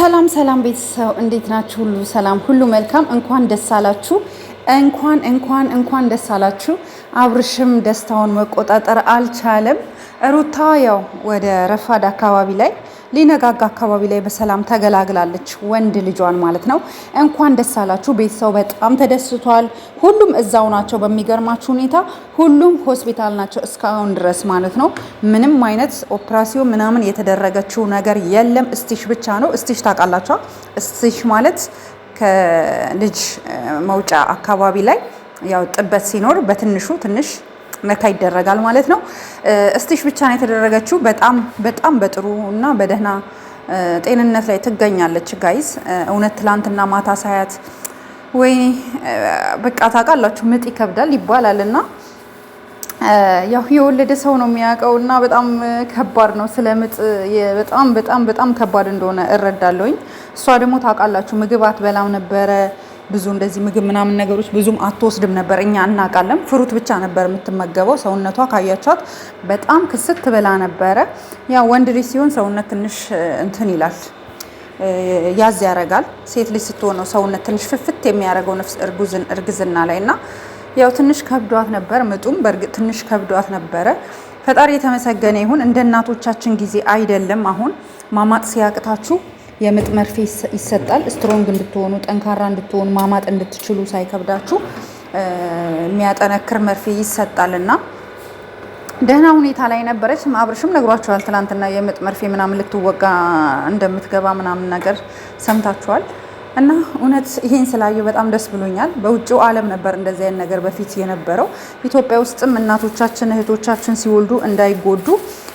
ሰላም ሰላም ቤተሰብ እንዴት ናችሁ? ሁሉ ሰላም፣ ሁሉ መልካም። እንኳን ደስ አላችሁ። እንኳን እንኳን እንኳን ደስ አላችሁ። አብርሽም ደስታውን መቆጣጠር አልቻለም። ሩታ ያው ወደ ረፋድ አካባቢ ላይ ሊነጋጋ አካባቢ ላይ በሰላም ተገላግላለች፣ ወንድ ልጇን ማለት ነው። እንኳን ደስ አላችሁ ቤተሰቡ በጣም ተደስቷል። ሁሉም እዛው ናቸው። በሚገርማችሁ ሁኔታ ሁሉም ሆስፒታል ናቸው እስካሁን ድረስ ማለት ነው። ምንም አይነት ኦፕራሲዮን ምናምን የተደረገችው ነገር የለም። እስቲሽ ብቻ ነው። እስቲሽ ታውቃላችሁ። እስቲሽ ማለት ከልጅ መውጫ አካባቢ ላይ ያው ጥበት ሲኖር በትንሹ ትንሽ መታ ይደረጋል ማለት ነው። እስቲሽ ብቻ ነው የተደረገችው። በጣም በጣም በጥሩ እና በደህና ጤንነት ላይ ትገኛለች ጋይዝ። እውነት ትላንትና ማታ ሳያት ወይኔ በቃ ታውቃላችሁ፣ ምጥ ይከብዳል ይባላል እና ያው የወለደ ሰው ነው የሚያውቀው እና በጣም ከባድ ነው። ስለ ምጥ በጣም በጣም በጣም ከባድ እንደሆነ እረዳለሁኝ። እሷ ደግሞ ታውቃላችሁ ምግብ አትበላም ነበረ ብዙ እንደዚህ ምግብ ምናምን ነገሮች ብዙም አትወስድም ነበር፣ እኛ እናውቃለን። ፍሩት ብቻ ነበር የምትመገበው። ሰውነቷ ካያቸዋት በጣም ክስት ትበላ ነበረ። ያ ወንድ ልጅ ሲሆን ሰውነት ትንሽ እንትን ይላል ያዝ ያረጋል። ሴት ልጅ ስትሆነው ሰውነት ትንሽ ፍፍት የሚያደርገው ነፍስ እርግዝና ላይ እና ያው ትንሽ ከብዷት ነበር። ምጡም በእርግጥ ትንሽ ከብዷት ነበረ። ፈጣሪ የተመሰገነ ይሁን። እንደ እናቶቻችን ጊዜ አይደለም። አሁን ማማጥ ሲያቅታችሁ የምጥ መርፌ ይሰጣል። ስትሮንግ እንድትሆኑ ጠንካራ እንድትሆኑ ማማጥ እንድትችሉ ሳይከብዳችሁ የሚያጠነክር መርፌ ይሰጣል እና ደህና ሁኔታ ላይ ነበረች። አብርሽም ነግሯቸዋል። ትላንትና የምጥ መርፌ ምናምን ልትወጋ እንደምትገባ ምናምን ነገር ሰምታችኋል። እና እውነት ይህን ስላየሁ በጣም ደስ ብሎኛል። በውጭው ዓለም ነበር እንደዚህ አይነት ነገር በፊት የነበረው። ኢትዮጵያ ውስጥም እናቶቻችን እህቶቻችን ሲወልዱ እንዳይጎዱ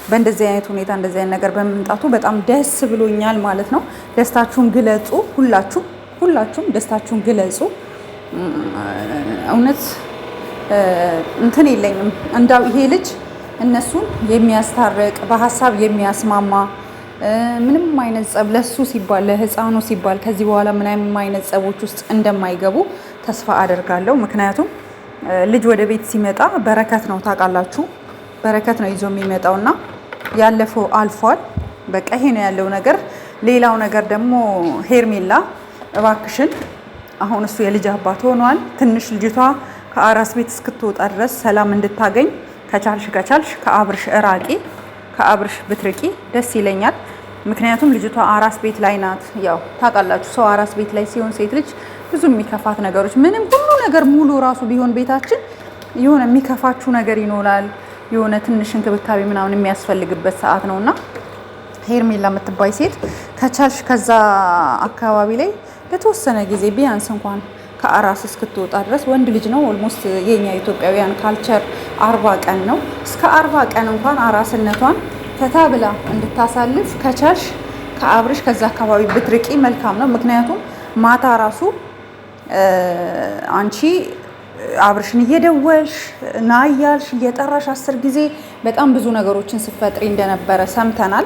በእንደዚህ አይነት ሁኔታ እንደዚህ አይነት ነገር በመምጣቱ በጣም ደስ ብሎኛል ማለት ነው። ደስታችሁን ግለጹ። ሁላችሁም ሁላችሁም ደስታችሁን ግለጹ። እውነት እንትን የለኝም እንዳው ይሄ ልጅ እነሱን የሚያስታርቅ በሀሳብ የሚያስማማ ምንም አይነት ጸብ ለሱ ሲባል ለህፃኑ ሲባል ከዚህ በኋላ ምንም አይነት ጸቦች ውስጥ እንደማይገቡ ተስፋ አደርጋለሁ። ምክንያቱም ልጅ ወደ ቤት ሲመጣ በረከት ነው ታውቃላችሁ፣ በረከት ነው ይዞ የሚመጣውና ያለፈው አልፏል። በቃ ይሄ ነው ያለው ነገር። ሌላው ነገር ደግሞ ሄርሜላ እባክሽን፣ አሁን እሱ የልጅ አባት ሆኗል። ትንሽ ልጅቷ ከአራስ ቤት እስክትወጣ ድረስ ሰላም እንድታገኝ ከቻልሽ ከቻልሽ ከአብርሽ እራቂ፣ ከአብርሽ ብትርቂ ደስ ይለኛል። ምክንያቱም ልጅቷ አራስ ቤት ላይ ናት። ያው ታውቃላችሁ፣ ሰው አራስ ቤት ላይ ሲሆን ሴት ልጅ ብዙ የሚከፋት ነገሮች ምንም ሁሉ ነገር ሙሉ ራሱ ቢሆን ቤታችን የሆነ የሚከፋችሁ ነገር ይኖራል። የሆነ ትንሽ እንክብካቤ ምናምን የሚያስፈልግበት ሰዓት ነውና ሄርሜላ የምትባይ ሴት ከቻልሽ ከዛ አካባቢ ላይ ለተወሰነ ጊዜ ቢያንስ እንኳን ከአራስ እስክትወጣ ድረስ ወንድ ልጅ ነው። ኦልሞስት የኛ ኢትዮጵያውያን ካልቸር አርባ ቀን ነው። እስከ አርባ ቀን እንኳን አራስነቷን ፈታ ብላ እንድታሳልፍ ከቻልሽ ከአብርሽ ከዛ አካባቢ ብትርቂ መልካም ነው። ምክንያቱም ማታ ራሱ አንቺ አብርሽን እየደወልሽ ና እያልሽ እየጠራሽ አስር ጊዜ በጣም ብዙ ነገሮችን ስፈጥሪ እንደነበረ ሰምተናል።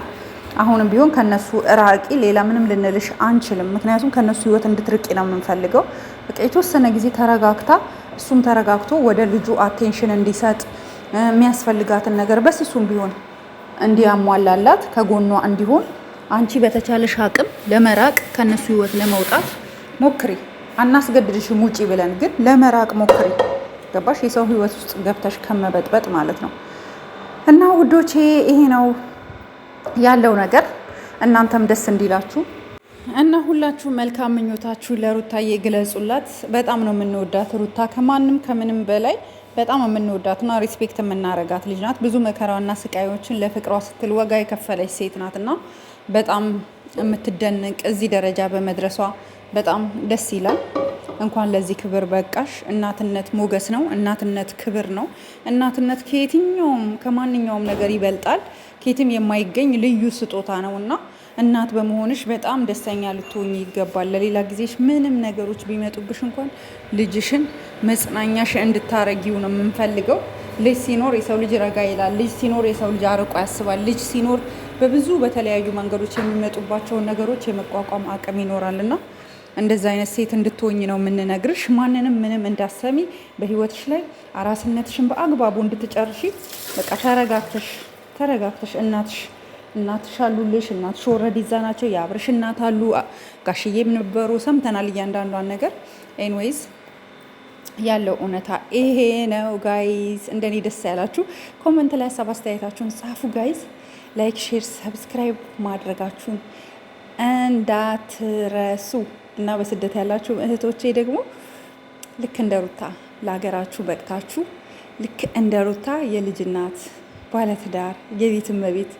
አሁንም ቢሆን ከነሱ እራቂ። ሌላ ምንም ልንልሽ አንችልም። ምክንያቱም ከነሱ ህይወት እንድትርቂ ነው የምንፈልገው። በቃ የተወሰነ ጊዜ ተረጋግታ፣ እሱም ተረጋግቶ ወደ ልጁ አቴንሽን እንዲሰጥ የሚያስፈልጋትን ነገር በስ እሱም ቢሆን እንዲያሟላላት ከጎኗ እንዲሆን አንቺ በተቻለሽ አቅም ለመራቅ ከነሱ ህይወት ለመውጣት ሞክሬ አናስገድድሽም ውጪ ብለን ግን ለመራቅ ሞክሪ። ገባሽ? የሰው ህይወት ውስጥ ገብተሽ ከመበጥበጥ ማለት ነው። እና ውዶቼ ይሄ ነው ያለው ነገር። እናንተም ደስ እንዲላችሁ እና ሁላችሁ መልካም ምኞታችሁ ለሩታዬ ግለጹላት። በጣም ነው የምንወዳት ሩታ ከማንም ከምንም በላይ በጣም የምንወዳትና ሪስፔክት የምናረጋት ልጅ ናት። ብዙ መከራና ስቃዮችን ለፍቅሯ ስትል ዋጋ የከፈለች ሴት ናትና በጣም የምትደነቅ እዚህ ደረጃ በመድረሷ በጣም ደስ ይላል። እንኳን ለዚህ ክብር በቃሽ። እናትነት ሞገስ ነው። እናትነት ክብር ነው። እናትነት ከየትኛውም ከማንኛውም ነገር ይበልጣል። ከየትም የማይገኝ ልዩ ስጦታ ነው እና እናት በመሆንሽ በጣም ደስተኛ ልትሆኝ ይገባል። ለሌላ ጊዜሽ ምንም ነገሮች ቢመጡብሽ እንኳን ልጅሽን መጽናኛሽ እንድታረጊው ነው የምንፈልገው። ልጅ ሲኖር የሰው ልጅ ረጋ ይላል። ልጅ ሲኖር የሰው ልጅ አርቆ ያስባል። ልጅ ሲኖር በብዙ በተለያዩ መንገዶች የሚመጡባቸውን ነገሮች የመቋቋም አቅም ይኖራልና እንደዛ አይነት ሴት እንድትሆኝ ነው የምንነግርሽ። ማንንም ምንም እንዳሰሚ በህይወትሽ ላይ አራስነትሽን በአግባቡ እንድትጨርሺ በቃ ተረጋግተሽ ተረጋግተሽ እናትሽ እናትሽ አሉልሽ። እናትሽ ወረድ ይዛ ናቸው። የአብርሽ እናት አሉ፣ ጋሽዬም ነበሩ። ሰምተናል እያንዳንዷን ነገር። ኤንዌይዝ ያለው እውነታ ይሄ ነው ጋይዝ። እንደኔ ደስ ያላችሁ ኮመንት ላይ ሀሳብ አስተያየታችሁን ጻፉ ጋይዝ። ላይክ፣ ሼር፣ ሰብስክራይብ ማድረጋችሁን እንዳትረሱ እና በስደት ያላችሁ እህቶቼ ደግሞ ልክ እንደ ሩታ ለሀገራችሁ በቅታችሁ ልክ እንደ ሩታ የልጅ እናት ባለ ትዳር የቤት እመቤት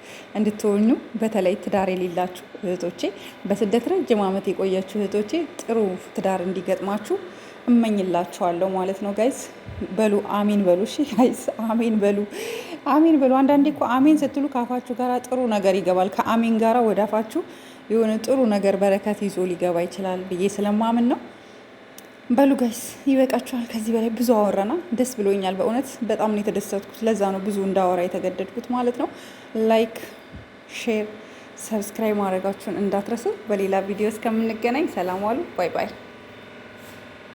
በተለይ ትዳር የሌላችሁ እህቶቼ በስደት ረጅም ዓመት የቆያችሁ እህቶቼ ጥሩ ትዳር እንዲገጥማችሁ እመኝላችኋለሁ ማለት ነው። ጋይስ በሉ አሚን በሉ። ጋይስ አሚን በሉ። አሚን ብሎ አንዳንዴ እኮ አሚን ስትሉ ከአፋችሁ ጋር ጥሩ ነገር ይገባል። ከአሚን ጋራ ወደ አፋችሁ የሆነ ጥሩ ነገር በረከት ይዞ ሊገባ ይችላል ብዬ ስለማምን ነው። በሉ ጋይስ ይበቃችኋል። ከዚህ በላይ ብዙ አወራና ደስ ብሎኛል። በእውነት በጣም ነው የተደሰትኩት። ለዛ ነው ብዙ እንዳወራ የተገደድኩት ማለት ነው። ላይክ፣ ሼር፣ ሰብስክራይብ ማድረጋችሁን እንዳትረሱ። በሌላ ቪዲዮ እስከምንገናኝ ሰላም ዋሉ። ባይ ባይ።